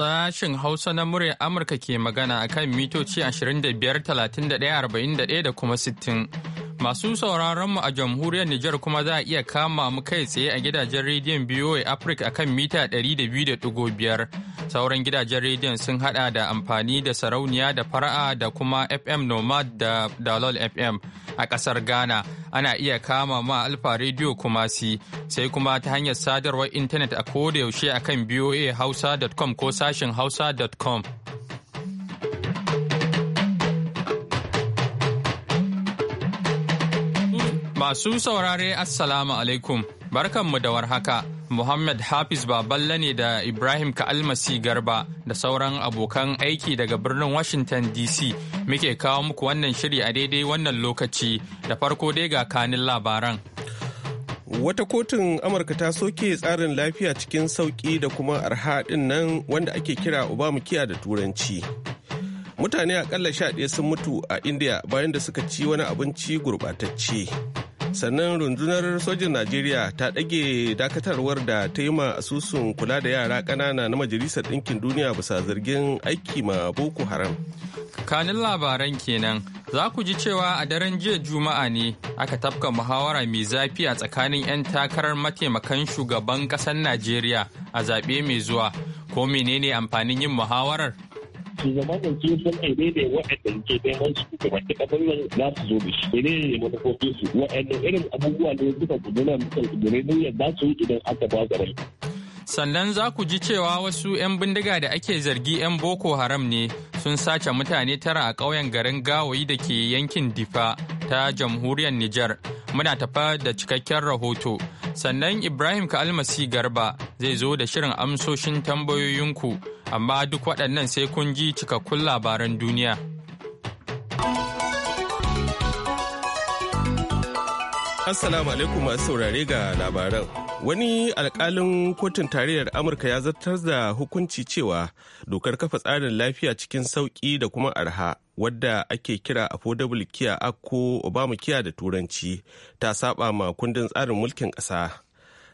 Sashen Hausa na muryar Amurka ke magana a kan mitoci 25,31,41 da kuma 60. Masu sauraronmu a jamhuriyar Nijar kuma za a iya kama mu kai tsaye a gidajen rediyon BOA Africa a kan mita 200.5. Sauran gidajen rediyon sun hada da amfani da sarauniya da fara'a da kuma FM Nomad da Dalol FM a kasar Ghana. Ana iya kama ma Alfa rediyo Kumasi sai kuma ta hanyar sadarwar intanet a kodayaushe a kan hausa.com ko sashin hausa.com. Masu saurare Assalamu alaikum. Barkan mu da warhaka, Muhammad Hafiz Baballe ne da Ibrahim Ka'almasi Garba da sauran abokan aiki daga birnin Washington DC muke kawo muku wannan shiri a daidai wannan lokaci da farko dai ga kanin labaran. Wata kotun Amurka ta soke tsarin lafiya cikin Sauki da kuma arha nan wanda ake kira Obamacare da Turanci. Mutane akalla sha ɗaya sun mutu a India bayan da suka ci wani abinci gurɓatacce. sannan rundunar sojin najeriya ta ɗage dakatarwar da ta yi ma asusun kula da yara ƙanana na majalisar ɗinkin duniya bisa zargin aiki ma boko haram kanin labaran kenan za ku ji cewa a daren jiya juma'a ne aka tafka muhawara mai zafi a tsakanin 'yan takarar mataimakan shugaban ƙasar najeriya a zaɓe mai zuwa ko menene amfanin yin muhawarar su zama da ke sun aibe da waɗanda ke neman su ga baki kafin nan za su zo da shi ne ne manufofin su waɗanda irin abubuwa ne suka kudura mutum kudure ne za su yi idan aka ba su rai. Sannan za ku ji cewa wasu 'yan bindiga da ake zargi 'yan Boko Haram ne sun sace mutane tara a ƙauyen garin Gawayi da ke yankin Difa ta jamhuriyar Nijar. Muna tafa da cikakken rahoto. Sannan Ibrahim Ka'almasi Garba zai zo da shirin amsoshin tambayoyinku amma duk waɗannan sai kun ji cikakkun labaran duniya. Assalamu alaikum masu saurare ga labaran. Wani alkalin kotun tarayyar Amurka ya zartar da hukunci cewa dokar kafa tsarin lafiya cikin sauƙi da kuma arha wadda ake kira affordable care ko obama da turanci ta saba ma kundin tsarin mulkin ƙasa.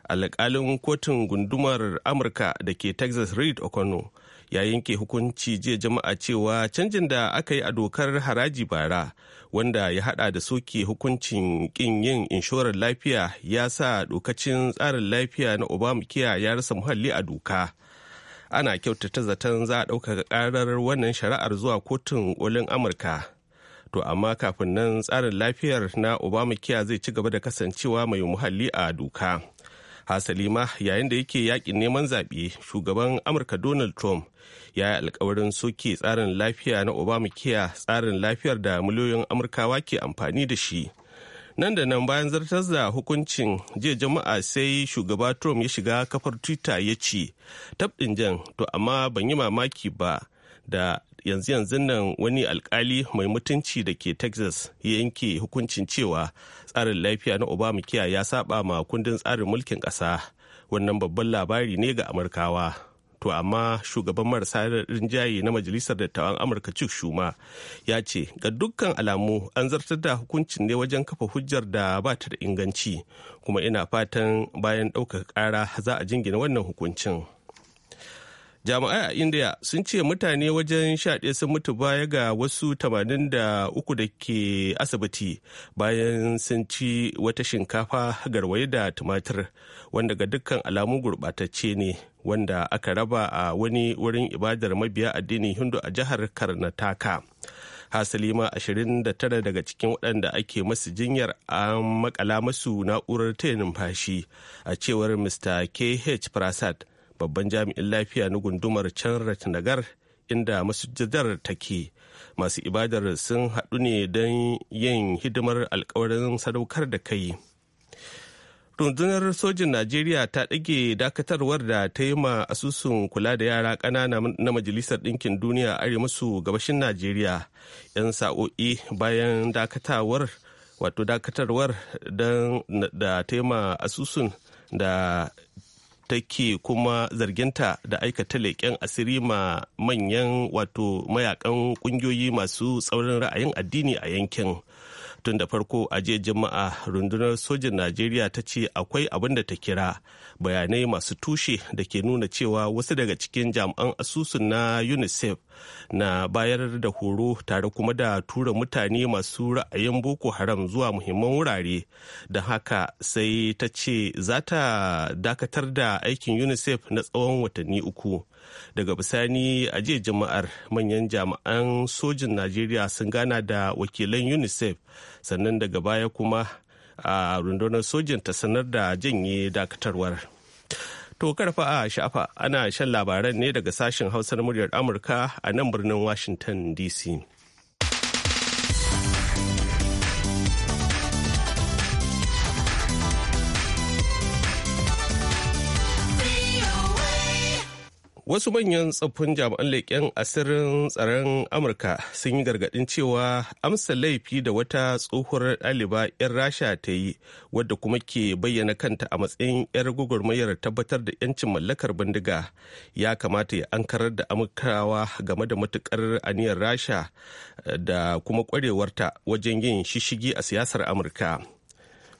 alƙalin kotun gundumar amurka da ke texas reed okono ya yanke hukunci jiya jama'a cewa canjin da aka yi a dokar haraji bara wanda ya hada da soke hukuncin kin yin inshorar lafiya ya sa dokacin tsarin lafiya na obamacare ya rasa muhalli a doka ana kyautata zaton za a dauka ƙarar wannan shari'ar zuwa kotun kolin amurka to amma kafin nan tsarin lafiyar na obamacare zai ci gaba da kasancewa mai muhalli a doka hasali ma yayin da yake yakin neman zaɓe shugaban amurka donald trump ya yi alkawarin soke tsarin lafiya na obamacare tsarin lafiyar da miliyoyin amurkawa ke amfani da shi nan da nan bayan zartar da hukuncin jiya jama'a sai shugaba trump ya shiga kafar twitter ya ce tabɗin jan to amma ban yi mamaki ba da yanzu yanzu nan wani alkali mai mutunci da ke texas ya yanke hukuncin cewa tsarin lafiya na obama kiya ya saba ma kundin tsarin mulkin ƙasa wannan babban labari ne ga amurkawa to amma shugaban marasa rinjaye na majalisar dattawan amurka chuck shuma ya ce ga dukkan alamu an zartar da hukuncin ne wajen kafa hujjar da ba ta da inganci kuma ina fatan bayan ɗaukaka ƙara za a jingina wannan hukuncin. jami'ai a india sun ce mutane wajen ɗaya sun mutu baya ga wasu 83 da ke asibiti bayan sun ci wata shinkafa garwaye da tumatir wanda ga dukkan alamu gurɓatacce ne wanda aka raba a wani wurin ibadar mabiya addinin hindu a jihar karnataka hasali ma 29 daga cikin waɗanda ake masu jinyar an makala masu na'urar taya numfashi a cewar mr kh prasad babban jami'in lafiya na gundumar can nagar inda masujadar take masu ibadar sun haɗu ne don yin hidimar alkawarin sadaukar da kai rundunar sojin najeriya ta ɗage dakatarwar da ta yi ma asusun kula da yara ƙanana na majalisar ɗinkin duniya arewa masu gabashin najeriya 'yan sa'o'i bayan dakatawar wato dakatarwar da ta yi ma asusun da take kuma zarginta da aikata leƙen asiri ma manyan wato mayakan ƙungiyoyi masu tsaurin ra'ayin addini a yankin tun da farko a jiya juma'a rundunar sojin najeriya ta ce akwai abin da ta kira bayanai masu tushe da ke nuna cewa wasu daga cikin jami'an asusun na unicef na bayar da horo tare kuma da tura mutane masu ra'ayin boko haram zuwa muhimman wurare don haka sai ta ce za ta dakatar da aikin unicef na tsawon watanni uku daga bisani a jiya jama'ar manyan jami'an sojin najeriya sun gana da wakilan unicef sannan daga baya kuma a rundunar sojin ta sanar da janye dakatarwar to karfa a sha'afa ana shan labaran ne daga sashen hausar muryar amurka a nan birnin washington dc wasu manyan tsoffin jami'an leƙen asirin tsaron amurka sun yi gargaɗin cewa amsa laifi da wata tsohuwar ɗaliba 'yan rasha ta yi wadda kuma ke bayyana kanta a matsayin 'yar gugurmayar tabbatar da 'yancin mallakar bindiga ya kamata ya ankarar da amurkawa game da matukar aniyar rasha eh, da kuma kwarewarta wajen yin shishigi a siyasar amurka.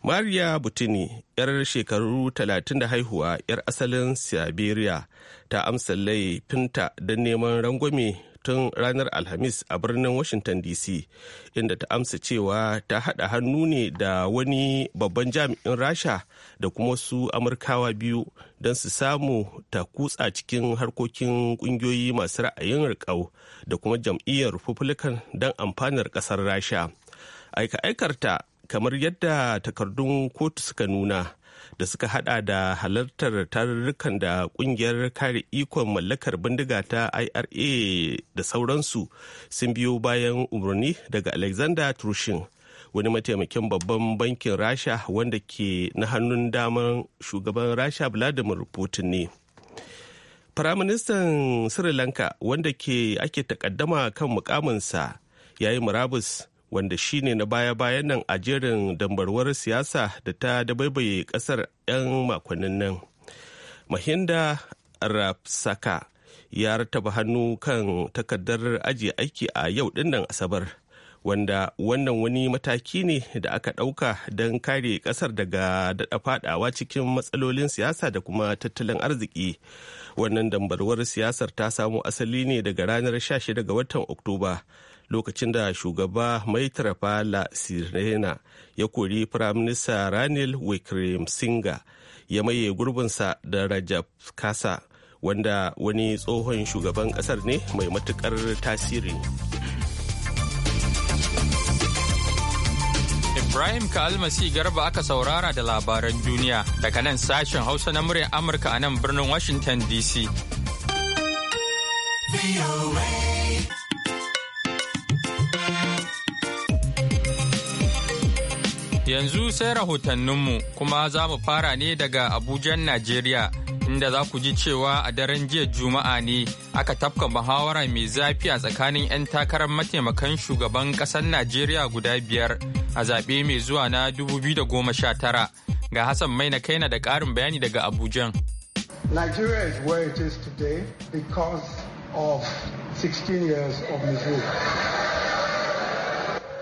Maria Butini, 'yar shekaru talatin da haihuwa 'yar asalin Siberia, ta amsa laifinta don neman rangwame tun ranar Alhamis a birnin Washington DC, inda ta amsa cewa ta haɗa hannu ne da wani babban jami'in Rasha da kuma su Amurkawa biyu don su samu ta kutsa cikin harkokin ƙungiyoyi masu ra'ayin rikau da kuma jam'iyyar Republican don amfanar ƙasar Rasha. aika-aikarta kamar yadda takardun kotu suka nuna da suka hada da halartar tarurrukan da kungiyar kare ikon mallakar bindiga ta ira da sauransu sun biyo bayan umarni daga alexander trushin wani mataimakin babban bankin rasha wanda ke na hannun daman shugaban rasha vladimir putin ne firaministan sri lanka wanda ke ake takaddama kan mukaminsa ya yi murabus wanda shine na baya-bayan nan a jerin dambarwar siyasa da ta dabaibaye kasar 'yan makonnin nan mahinda rapsaka ya rataba hannu kan takardar ajiye aiki a yau dinnan asabar wanda wannan wani mataki ne da aka ɗauka don kare ƙasar daga daɗa faɗawa cikin matsalolin siyasa da kuma tattalin arziki wannan dambarwar siyasar ta samo asali ne daga ranar 16 ga watan oktoba lokacin da shugaba la Sirena ya kori Firaminista Ranil wikremsinga ya maye gurbinsa da Rajab Kasa wanda wani tsohon shugaban kasar ne mai matukar tasiri. Ibrahim Kalmasi Garba aka saurara da labaran duniya daga nan sashen Hausa na muryar Amurka a nan birnin Washington DC. Yanzu sai rahotanninmu kuma za mu fara ne daga Abujan Najeriya inda za ku ji cewa a daren jiya Juma'a ne aka tafka muhawara mai zafi a tsakanin 'yan takarar mataimakan shugaban ƙasar Najeriya guda biyar a zaɓe mai zuwa na 2019 ga Hassan mai Maina Kaina da ƙarin bayani daga Abujan. Nigeria is where it is today because of 16 years of misrule.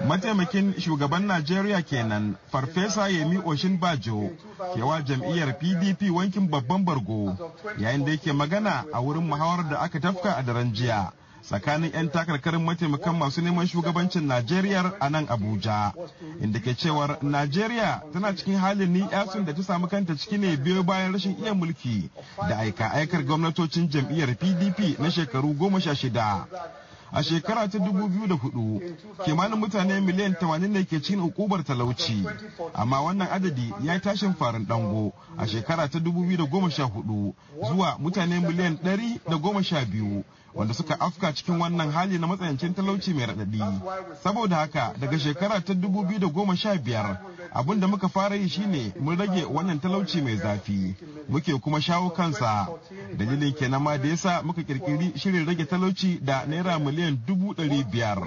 mataimakin shugaban najeriya kenan farfesa yemi oshin bajo kewa jam'iyyar pdp wankin babban bargo yayin da yake magana a wurin muhawar da aka tafka a daren jiya tsakanin 'yan takarkarin mataimakan masu neman shugabancin najeriya a nan abuja inda ke cewar najeriya tana cikin halin ni yasun da ta samu kanta ciki ne biyo bayan rashin iya mulki da aika aikar gwamnatocin jam'iyyar pdp na shekaru goma sha shida a shekara ta 2004 kimanin mutane miliyan 80 ne ke cikin hukubar talauci amma wannan adadi ya yi tashin farin dango a shekara ta dubu biyu da goma sha hudu zuwa mutane miliyan da goma sha biyu. wanda suka afka cikin wannan hali na matsayancin talauci mai raɗaɗi saboda haka daga shekara ta 2015 abin da muka fara yi shine mun rage wannan talauci mai zafi muke kuma shawo kansa dalilin kenan ma da yasa muka kirkiri shirin rage talauci da naira miliyan dubu biyar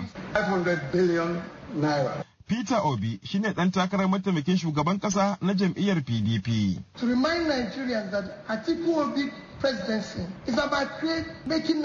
Peter Obi shine ɗan takarar mataimakin shugaban ƙasa na jam'iyyar PDP. To remind Nigerians that Atiku Obi presidency about making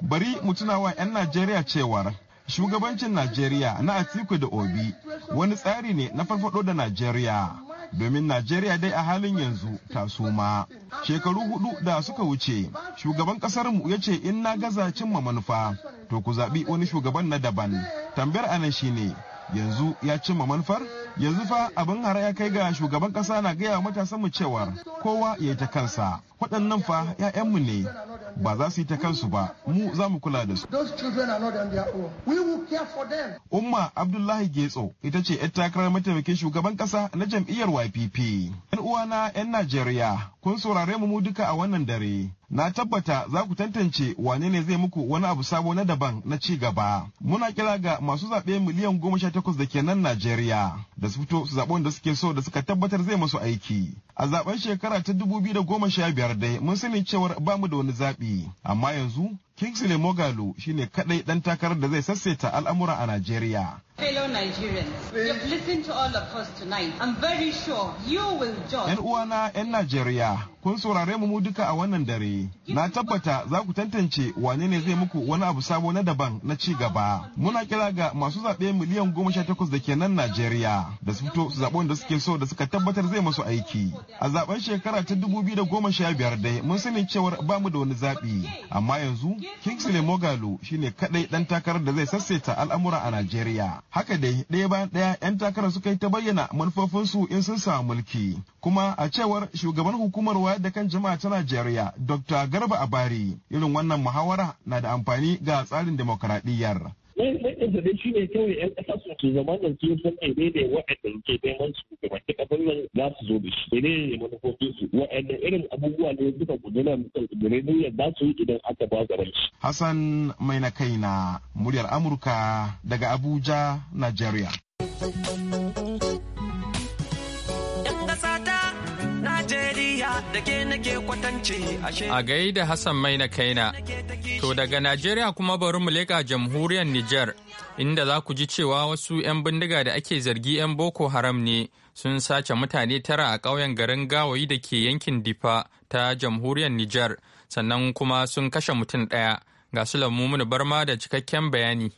Bari mu wa 'yan Najeriya cewar shugabancin Najeriya na Atiku da Obi wani tsari ne na farfado da Najeriya. Domin Najeriya dai a halin yanzu ta suma. Shekaru hudu da suka wuce, shugaban kasarmu ya ce in na gaza cimma manufa, to ku zaɓi wani shugaban na daban. Tambayar anan ne yanzu ya cimma manufar? Yanzu fa abin hara ya kai ga shugaban ƙasa na gaya wa mu cewar kowa ya yi ta kansa. waɗannan fa mu ne ba za su yi ta kansu ba mu za mu kula da su. Umma Abdullahi Getso ita ce 'yar takarar mataimakin shugaban ƙasa na jam'iyyar YPP. 'Yan uwana 'yan Najeriya kun saurare mu duka a wannan dare. Na tabbata za ku tantance wane ne zai muku wani abu sabo na daban na ci gaba. Muna kira ga masu zaɓe miliyan goma sha takwas da ke nan Najeriya da su fito su zaɓi wanda suke so da suka tabbatar zai masu aiki. A zaɓen shekara ta dubu biyu da goma sha biyar dai mun sani cewar bamu da wani zaɓi amma yanzu Kingsley Mogalu shine kadai dan takarar da zai sassaita al'amura a Najeriya. Fellow Nigerians, you've listened to all of us tonight. I'm very sure you will judge. ‘Yan uwana ‘yan Najeriya, kun saurare mu duka a wannan dare. Na tabbata za ku tantance wane ne zai muku wani abu sabo na daban na ci gaba. Muna kira ga masu zaɓe miliyan goma sha takwas da ke nan Najeriya da su fito su zaɓi wanda suke so da suka tabbatar zai masu aiki. A zaɓen shekara ta dubu biyu da goma sha biyar dai mun sani cewar bamu da wani zaɓi, amma yanzu Kingsley Mogalu shine kadai dan takarar da zai sassaita al'amura a Najeriya. Haka dai ɗaya bayan ɗaya 'yan takarar suka yi ta bayyana manufofinsu in sun samu mulki. Kuma a cewar shugaban hukumar wayar da kan jama'a ta Najeriya Dr. Garba Abari irin wannan muhawara na da amfani ga tsarin demokaradiyyar. wanda dai shi ne kawai yan ƙasa su su zama da su san ne ne waɗanda suke neman su ga baki ƙasar nan za su zo da shi ne ne manufofin su waɗanda irin abubuwa ne suka gudana da duniyar za su yi idan aka ba gaban shi. Hassan mai na kai na muryar Amurka daga Abuja, Najeriya. Najeriya da A gaida Hassan mai na kaina. To daga Najeriya kuma bari mu leƙa jamhuriyar Nijar inda za ku ji cewa wasu 'yan bindiga da ake zargi 'yan Boko Haram ne sun sace mutane tara a ƙauyen garin gawayi da ke yankin Difa ta jamhuriyar Nijar sannan kuma sun kashe mutum ɗaya. Ga su lamu barma da cikakken bayani.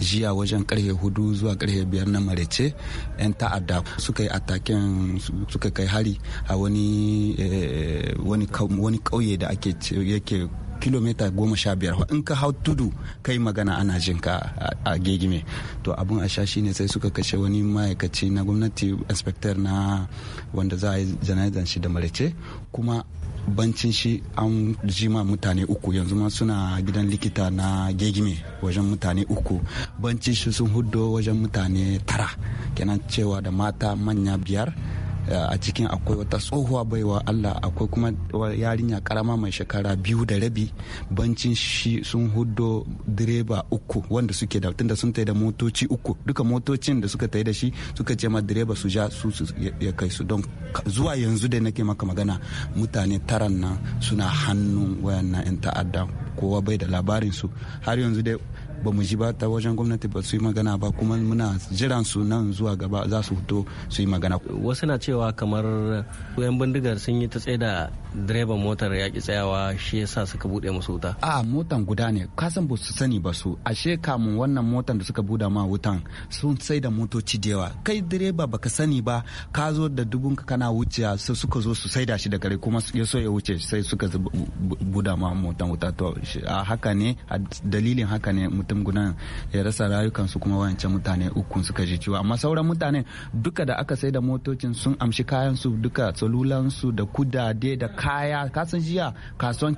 jiya wajen karfe hudu zuwa karfe biyar na marece yan ta'adda suka yi attaken suka kai hari a wani eh, wani kauye da ake yake kilomita goma sha biyar in ka hau tudu kai magana ana jin ka a gegime to abun a sha shine sai suka kashe wani ma'aikaci na gwamnati inspector na wanda za a yi jana'izan shi da marece kuma bancin shi an jima mutane uku yanzu ma suna gidan likita na gegime wajen mutane uku bancin shi sun hudo wajen mutane tara kenan cewa da mata manya biyar Eh, a cikin akwai wata tsohuwa baiwa Allah akwai kuma yarinya karama mai shekara biyu da rabi bancin shi sun hudo direba uku wanda suke da tunda sun tai da motoci uku duka motocin da suka tai da shi suka ce ma direba su ja su ya kai su don zuwa yanzu da nake maka magana mutane taran nan suna hannun wayannan 'yan ta'adda kowa bai da labarin su har yanzu dai ba mu ji ba ta wajen gwamnati ba su yi magana ba kuma muna jiran su nan zuwa gaba za su fito su yi magana wasu na cewa kamar yan bindigar sun yi ta da direban motar ya ki tsayawa shi sa suka bude musu wuta a motan guda ne kasan ba su sani ba su ashe kamun wannan motan da suka buda ma wutan sun da motoci da yawa kai direba baka sani ba ka zo da dubun ka kana wuciya sai suka zo su saida shi da gare kuma ya so ya wuce sai suka buda ma motan wuta to a haka ne a dalilin haka ne mutum guda ya rasa rayukansu kuma wancan mutane uku suka ji ciwo amma sauran mutane duka da aka sai da motocin sun amshi kayan su duka su da kudade da kaya san jiya kasuwan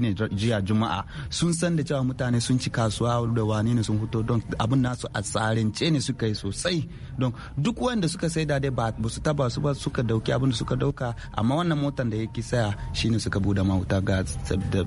ne jiya juma'a sun san da cewa mutane sun ci kasuwa da wani ne sun fito don abin nasu a tsarince ne suka yi sosai don duk wanda suka sai da dai ba su taba su ba suka dauki abin da suka dauka amma wannan motan da yake saya shine suka bude mahuta ga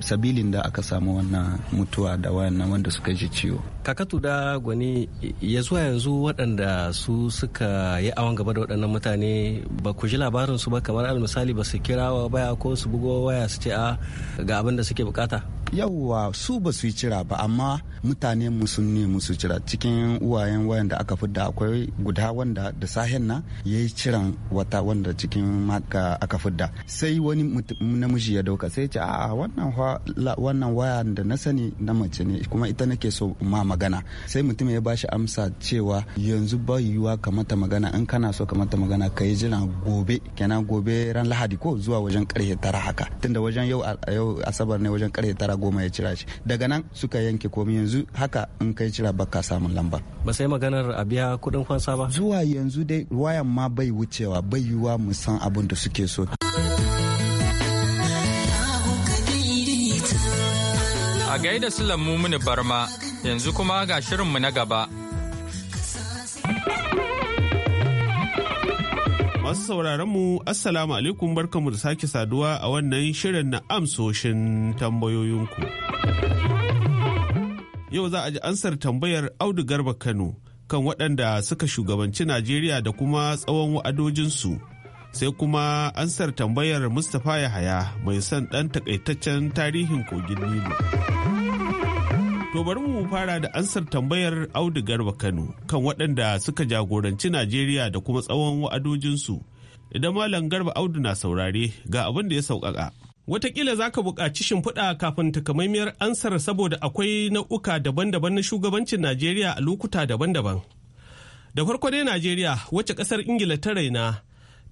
sabilin da aka samu wannan mutuwa da wannan wanda suka ji ciwo kakatu da gwani ya zuwa yanzu waɗanda su suka yi awon gaba da waɗannan mutane ba ku ji labarin su ba kamar almisali ba su kirawa baya ko su bugo waya su ce a ah, ga abin da suke bukata yawwa su ba su yi cira ba amma mutane mu sun ne musu cira cikin uwayen wayan da aka fidda akwai guda wanda da sahen na ya yi ciran wata wanda cikin maka aka fidda sai wani namiji ya dauka sai ce a wannan wannan waya da na sani na mace ne kuma ita nake so ma magana sai mutum ya bashi amsa cewa yanzu ba yiwuwa ka mata magana in kana so ka mata magana ka yi jiran gobe kenan gobe ran lahadi ko zuwa wajen karfe tara haka tunda wajen yau asabar ne wajen karfe tara goma ya cira shi daga nan suka yanke komi yanzu haka in kai cira baka samun lamba. ba sai maganar a biya kudin kwansa ba zuwa yanzu dai wayan ma bai wucewa bai yiwuwa mu san abin da suke so a gaida su mini barma yanzu kuma ga shirinmu na gaba Masu sauraron mu Assalamu alaikum barkamu da sake saduwa a wannan shirin na amsoshin tambayoyinku. Yau za a ji ansar tambayar Audu Garba Kano kan waɗanda suka shugabanci Najeriya da kuma tsawon wa'adojinsu. Sai kuma ansar tambayar Mustapha Yahaya mai son ɗan takaitaccen tarihin kogin Nilu. To bari mu fara da ansar tambayar Audu Garba Kano kan waɗanda suka jagoranci Najeriya da kuma tsawon wa'adojinsu. Idan Malam Garba Audu na saurare ga abin da ya sauƙaƙa. Wataƙila za ka buƙaci shimfiɗa kafin takamaimiyar ansar saboda akwai nau'uka daban-daban na shugabancin Najeriya a lokuta daban-daban. Da farko dai Najeriya wacce ƙasar Ingila ta raina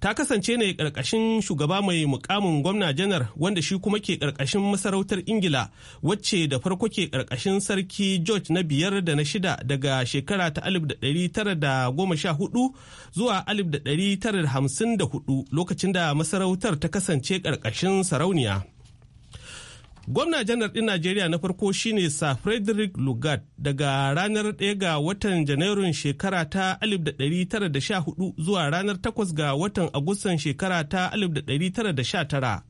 ta kasance ne karkashin shugaba mai mukamin gwamna janar wanda shi kuma ke karkashin masarautar ingila wacce da farko ke karkashin sarki george na biyar da na shida daga shekara ta sha 1914 zuwa da tara hamsin 1954 lokacin da masarautar ta kasance karkashin sarauniya Gwamna janar ɗin Najeriya na farko shine Sir Frederick Lugard daga ranar 1 ga watan Janairun shekara ta 1914 zuwa ranar 8 ga watan Agustan shekara ta 1919.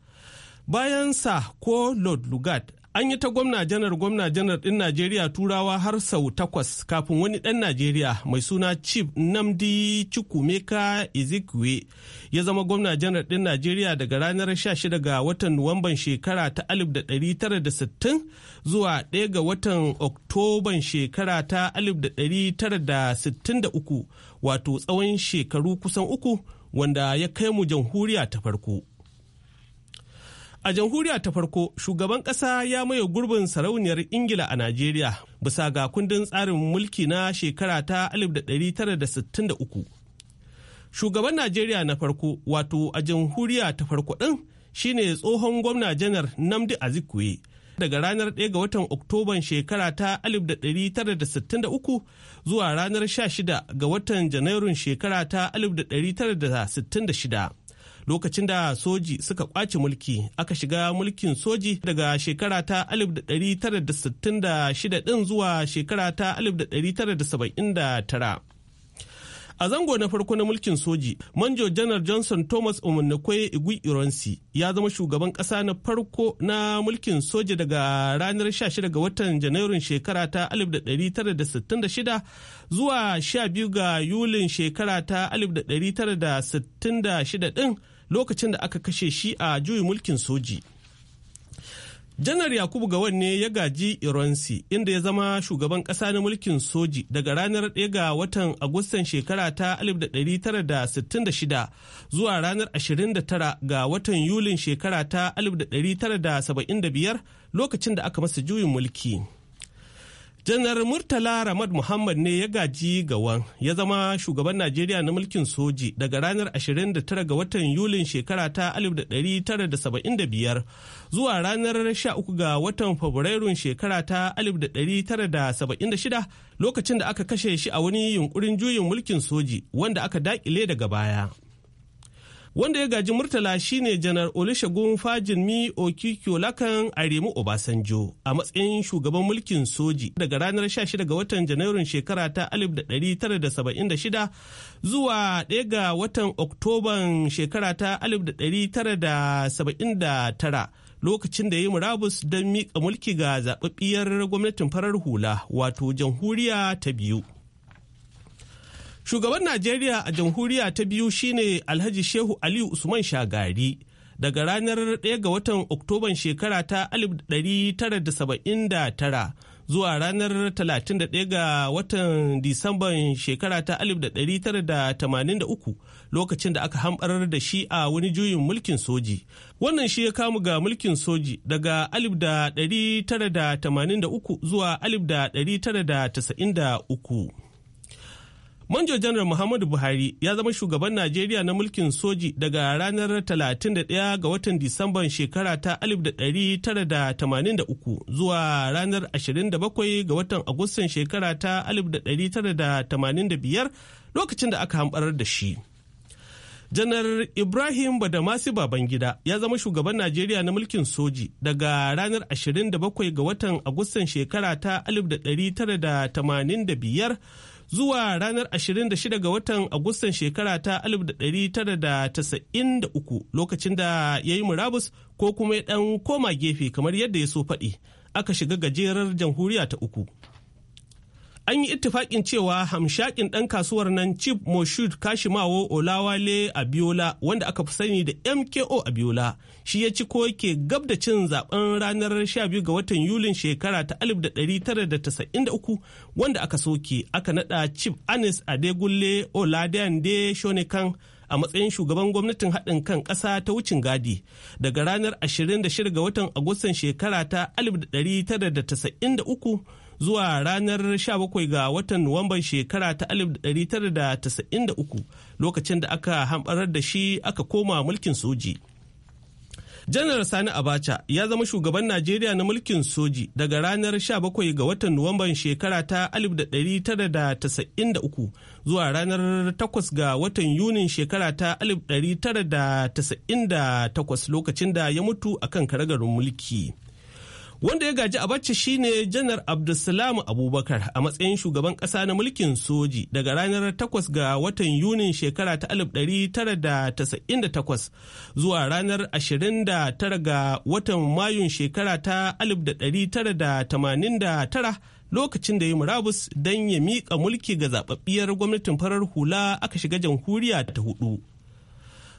Bayan sa ko Lord Lugard an yi ta gwamna janar gwamna janar ɗin najeriya turawa har sau takwas kafin wani ɗan najeriya mai suna chief namdi chukwumeka ezekwe ya zama gwamna janar ɗin najeriya daga ranar 16 ga watan nuwamban shekara ta 1960 zuwa 1 ga watan oktoban shekara ta 1963 wato tsawon shekaru kusan uku wanda ya kai mu jamhuriya ta farko A jamhuriya ta farko, shugaban ƙasa ya maye gurbin sarauniyar Ingila a Najeriya bisa ga kundin tsarin mulki na shekara ta 1963. Shugaban Najeriya na farko, wato a jamhuriya ta farko ɗin shine tsohon gwamna janar Namdi Azikwe. Daga ranar 1 ga watan Oktoban shekara ta 1963 zuwa ranar 16 ga watan Janairun shekara ta 1966. lokacin da soji suka kwace mulki aka shiga mulkin soji daga shekara ta 1966 din zuwa shekara ta 1979 a zango na farko na mulkin soji manjo janar johnson thomas umarnikwe Igwe ironsi ya zama shugaban kasa na farko na mulkin soji daga ranar 16 ga watan janairun shekara ta 1966 zuwa 12 ga yulin shekara ta 1966 din lokacin da aka kashe shi a juyin mulkin soji janar yakubu gawan ne ya gaji ironsi inda ya zama shugaban ƙasa na mulkin soji daga ranar ɗaya ga watan agustan shekara ta 1966 zuwa ranar 29 ga watan yulin shekara ta 1975 lokacin da aka masa juyin mulki. janar murtala ramad muhammad ne ya gaji gawan ya zama shugaban najeriya na mulkin soji daga ranar 29 ga watan yulin shekara ta 1975 zuwa ranar 13 ga watan fabrairun shekara ta 1976 lokacin da aka kashe shi a wani yunkurin juyin mulkin soji wanda aka dakile daga baya wanda ya gaji murtala shine janar olusegun fajinmi okikiyolakan aremu obasanjo a matsayin shugaban mulkin soji daga ranar 16 ga watan janairun shekara ta 1976 zuwa 1 ga watan oktoban shekara ta 1979 lokacin da ya yi murabus don miƙa mulki ga zaɓaɓɓiyar gwamnatin farar hula wato jamhuriya ta biyu Shugaban Najeriya a jamhuriya ta biyu shine Alhaji Shehu Aliyu Usman Shagari daga ranar 1 ga watan Oktoban shekara ta 1979 zuwa ranar 31 ga watan Disamban shekara ta 1983 lokacin da aka hambarar da shi a wani juyin mulkin soji. Wannan shi ya kamu ga mulkin soji daga 1983 zuwa 1993. Manjo Janar Muhammadu Buhari ya zama shugaban Najeriya na mulkin soji daga ranar 31 ga watan Disamban shekara ta 1983 zuwa ranar 27 ga watan Agustan shekara ta 1985 lokacin da aka hambarar da shi. Janar Ibrahim Badamasi Babangida ya zama shugaban Najeriya na mulkin soji daga ranar 27 ga watan Agustan shekara ta 1985 zuwa ranar 26 ga watan Agustan shekara ta 1993 lokacin da ya yi murabus ko kuma ya ɗan koma gefe kamar yadda ya so faɗi aka shiga gajerar jamhuriya ta uku. an yi ittifakin cewa hamshakin ɗan kasuwar nan chief moshud kashimawo olawale abiola wanda aka fi sani da mko abiola shi ya ci ko ke gab da cin zaben ranar 12 ga watan yulin shekara ta 1993 wanda aka soke aka nada chief anis adegulle oladeande shonekan a matsayin shugaban gwamnatin haɗin kan ƙasa ta wucin gadi daga ranar 26 ga watan agustan shekara ta 1993 zuwa ranar 17 ga watan Nuwamban shekara ta 1993 lokacin da aka hambarar da shi aka koma mulkin soji. janar sani abacha ya zama shugaban najeriya na mulkin soji daga ranar 17 ga watan nuwamban shekara ta 1993 zuwa ranar 8 ga watan yunin shekara ta 1998 lokacin da ya mutu akan karagarin mulki wanda ya gaji a bacci shine janar abdulsalam abubakar a matsayin shugaban kasa na mulkin soji daga ranar 8 ga watan yunin shekara ta 1998 zuwa ranar 29 ga watan mayun shekara ta 1989 lokacin da ya murabus don ya miƙa mulki ga zaɓaɓɓiyar gwamnatin farar hula aka shiga jamhuriya ta hudu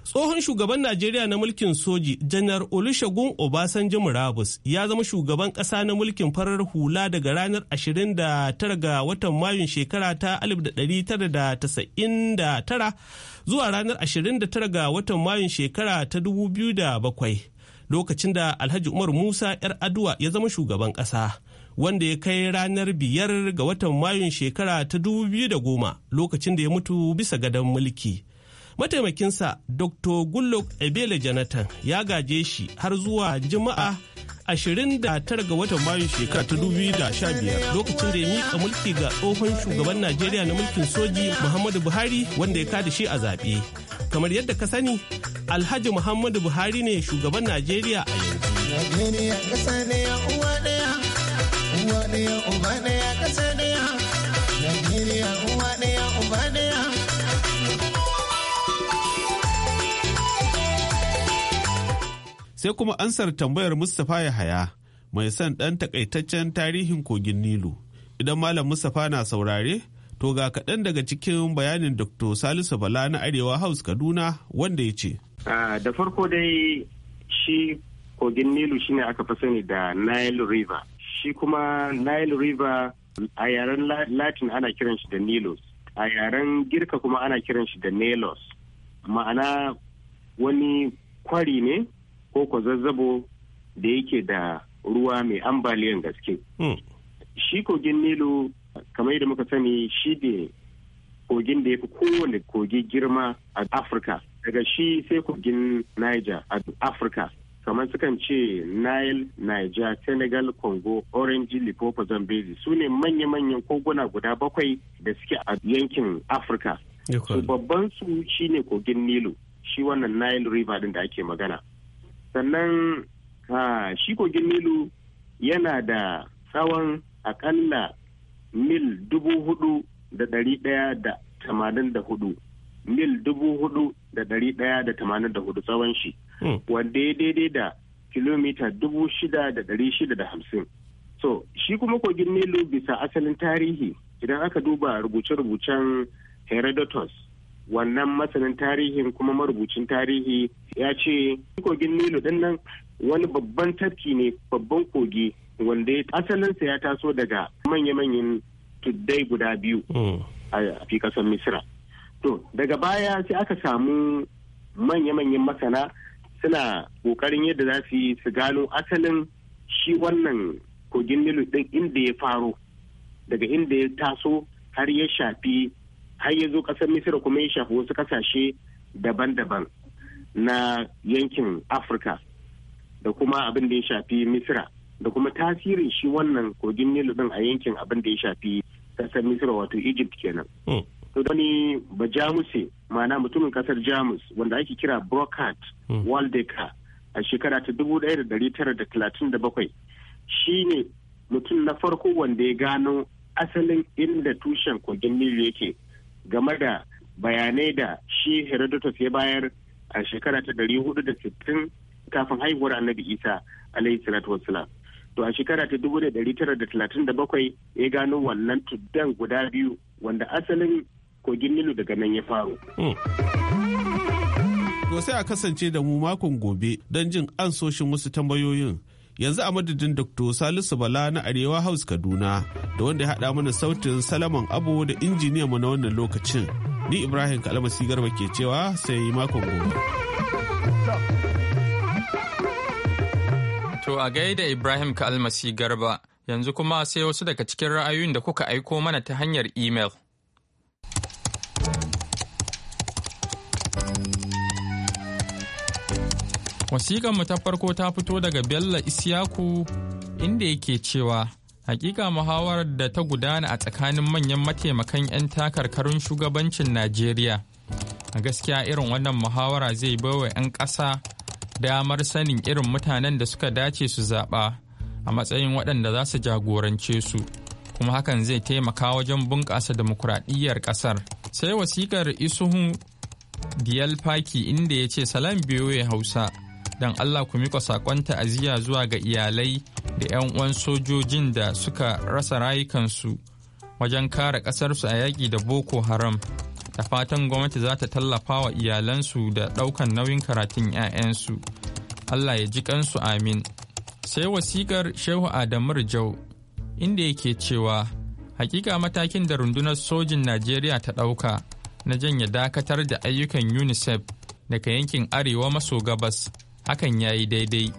Tsohon shugaban Najeriya na mulkin soji, Janar Olusegun Obasanjo Murabus ya zama shugaban ƙasa na mulkin farar hula daga ranar 29 ga watan Mayun shekara ta 1999 zuwa ranar 29 ga watan Mayun shekara ta 2007 lokacin da Alhaji Umar Musa 'yar Aduwa ya zama shugaban ƙasa. wanda ya kai ranar biyar ga watan mayun shekara ta 2010 lokacin da ya mutu bisa gadon mulki mataimakinsa dr goodluck ebele jonathan ya gaje shi har zuwa juma'a 29 ga watan mayu shekara ta 2015 lokacin da ya miƙa mulki ga tsohon shugaban najeriya na mulkin soji muhammadu buhari wanda ya kada shi a zaɓe kamar yadda ka sani alhaji muhammadu buhari ne shugaban najeriya a yanzu sai kuma ansar tambayar mustapha yahaya mai son ɗan takaitaccen tarihin kogin nilu idan malam mustapha na saurare to ga kaɗan daga cikin bayanin dr salisu bala na arewa house kaduna wanda ya ce da farko dai shi kogin nilu shine aka fi sani da nile river shi kuma nile river a yaren latin ana kiran shi da nilus a yaren girka kuma ana kiran shi da nelos ma'ana wani kwari ne ko zazzabo da yake da ruwa mai ambaliyan gaske. Hmm. Shi kogin Nilo kamar yadda muka sani shi ne kogin da ya fi kowane kogi girma a Afirka. Daga shi sai kogin Niger a Afirka. kamar sukan ce Nile, Niger, Senegal, Congo, Orange, Lipopo, Zambezi su ne manya-manyan koguna guda bakwai da suke a yankin Afirka. Babban su shine kogin Nilo, shi wannan Nile River din da ake magana. sannan shi kogin nilu yana da tsawon akalla mil dubu hudu da dari daya da tamanin da hudu mil dubu hudu da dari daya da tamanin da hudu tsawon shi hmm. wanda ya daidai da kilomita dubu shida da dari shida da hamsin so shi kuma kogin nilu bisa asalin tarihi idan aka duba rubuce-rubucen herodotus wannan masanin tarihin kuma marubucin tarihi ya ce kogin nilo din nan wani babban tafki ne babban kogi wanda asalinsa ya taso daga manya-manyan tuddai guda biyu hmm. a fi kasar misira to daga baya sai aka samu manya-manyan masana suna kokarin yadda za su yi su gano asalin shi wannan kogin nilo din inda ya faro daga inda ya taso har ya shafi har ya zo kasar misira kuma ya shafi wasu kasashe daban-daban na yankin afirka da kuma abin da ya shafi misira da kuma tasirin shi wannan kogin nilu din a yankin abin da ya shafi kasar misira wato egypt kenan hmm. to wani ba jamuse ma'ana mutumin kasar jamus wanda ake kira brokat hmm. waldeka a shekara ta 1937 shi ne mutum na farko wanda ya gano asalin inda tushen kogin nilu yake game da bayanai da shi herodotus ya bayar a shekara ta dari hudu da sittin kafin haihuwar annabi isa alaihi salatu wassalam to a shekara ta dubu da dari tara da talatin da bakwai ya gano wannan tuddan guda biyu wanda asalin kogin nilu daga nan ya faru. Hmm. To sai a kasance da mu makon gobe don jin ansoshin wasu tambayoyin yanzu a madadin dr salisu bala na arewa house kaduna da wanda ya haɗa mana sautin salaman abu da injiniya mu na wannan lokacin ni ibrahim kalmasi garba ke cewa sai makon gobe to a gaida ibrahim kalmasi garba yanzu kuma sai wasu daga cikin ra'ayoyin da kuka aiko mana ta hanyar imel. mu ta farko ta fito daga Bello Isiyaku inda yake cewa hakika muhawarar da ta gudana a tsakanin manyan mataimakan 'yan takarkarun shugabancin Najeriya. A gaskiya irin wannan muhawara zai baiwa 'yan ƙasa damar sanin irin mutanen da suka dace su zaɓa a matsayin waɗanda za su jagorance su. kuma hakan zai taimaka wajen bunƙasa demokuraɗiyyar ƙasar. Sai wasikar Isuhu Diyal Faki inda ya ce salam biyoye Hausa. don Allah ku miƙa saƙon ta'aziyya zuwa ga iyalai da 'yan uwan sojojin da suka rasa rayukansu wajen kare ƙasarsu a yaƙi da Boko Haram. Da fatan gwamnati za ta tallafa wa iyalansu da ɗaukan nauyin karatun 'ya'yansu. Allah ya ji kansu amin. Sai wasiƙar Shehu Adamu Rijau, inda yake cewa, hakika matakin da rundunar sojin Najeriya ta ɗauka na janye dakatar da ayyukan UNICEF daga yankin arewa maso gabas hakan ya yi daidai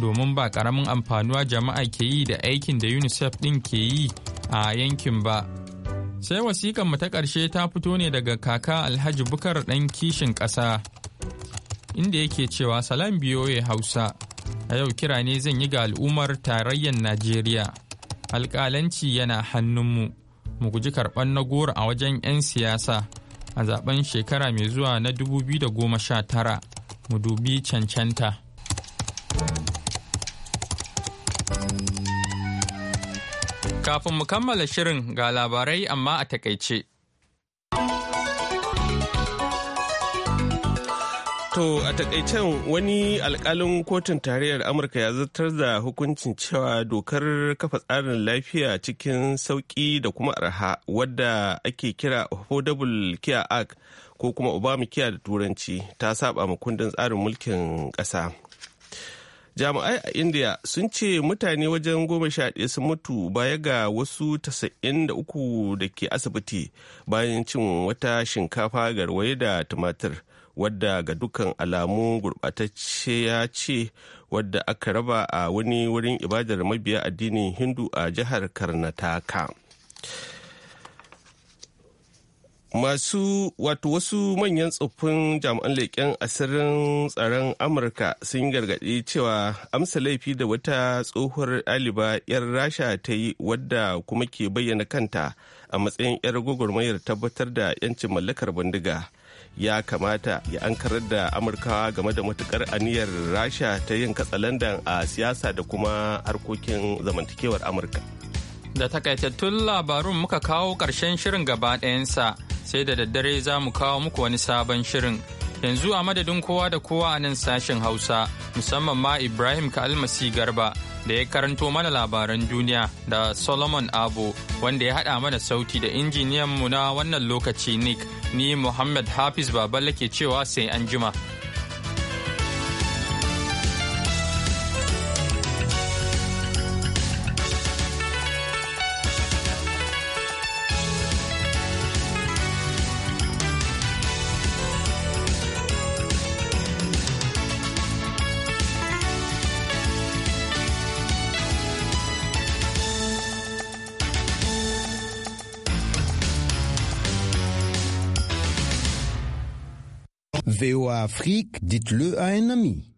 domin ba ƙaramin amfanuwa jama'a ke yi da aikin da unicef ɗin ke yi a yankin ba sai wasikan mu ta ƙarshe ta fito ne daga kaka alhaji bukar ɗan kishin ƙasa inda yake cewa salam biyoye hausa a yau kira ne zan yi ga al'ummar tarayyar najeriya alƙalanci yana hannunmu mu guji karɓar na goro a wajen 'yan siyasa a zaben shekara mai zuwa na dubu biyu da goma sha tara. mu dubi cancanta kafin mu kammala shirin ga labarai amma a takaice To a takaicen wani alkalin kotun tarayyar Amurka ya zartar da hukuncin cewa dokar kafa tsarin lafiya cikin sauƙi da kuma arha wadda ake kira Affordable Care Act ko kuma kiya da turanci ta saba mu kundin tsarin mulkin kasa jami'ai a india sun ce mutane wajen goma sha ɗaya sun mutu baya ga wasu tasa'in da uku da ke asibiti bayan cin wata shinkafa garwaye da tumatir wadda ga dukkan alamu gurɓatacce ya ce wadda aka raba a wani wurin ibadar mabiya addinin hindu a jihar karnataka masu wato wasu manyan tsoffin jami'an leƙen asirin tsaron amurka sun gargaɗi cewa amsa laifi da wata tsohuwar ɗaliba 'yar rasha ta yi wadda kuma ke bayyana kanta a matsayin 'yar gwagwarmayar tabbatar da 'yancin mallakar bindiga ya kamata ya ankarar da amurkawa game da matukar aniyar rasha ta yin katsalandan a siyasa da kuma harkokin zamantakewar amurka da takaitattun labarun muka kawo ƙarshen shirin gaba ɗayansa sai da daddare za mu kawo muku wani sabon shirin. Yanzu a madadin kowa da kowa a nan sashen Hausa, musamman ma Ibrahim Kalmasi Garba da ya karanto mana labaran duniya da Solomon Abo wanda ya haɗa mana sauti da injiniyan mu na wannan lokaci Nick, ni Muhammad Hafiz Baballe ke cewa sai an jima. Afrique, dites-le à un ami.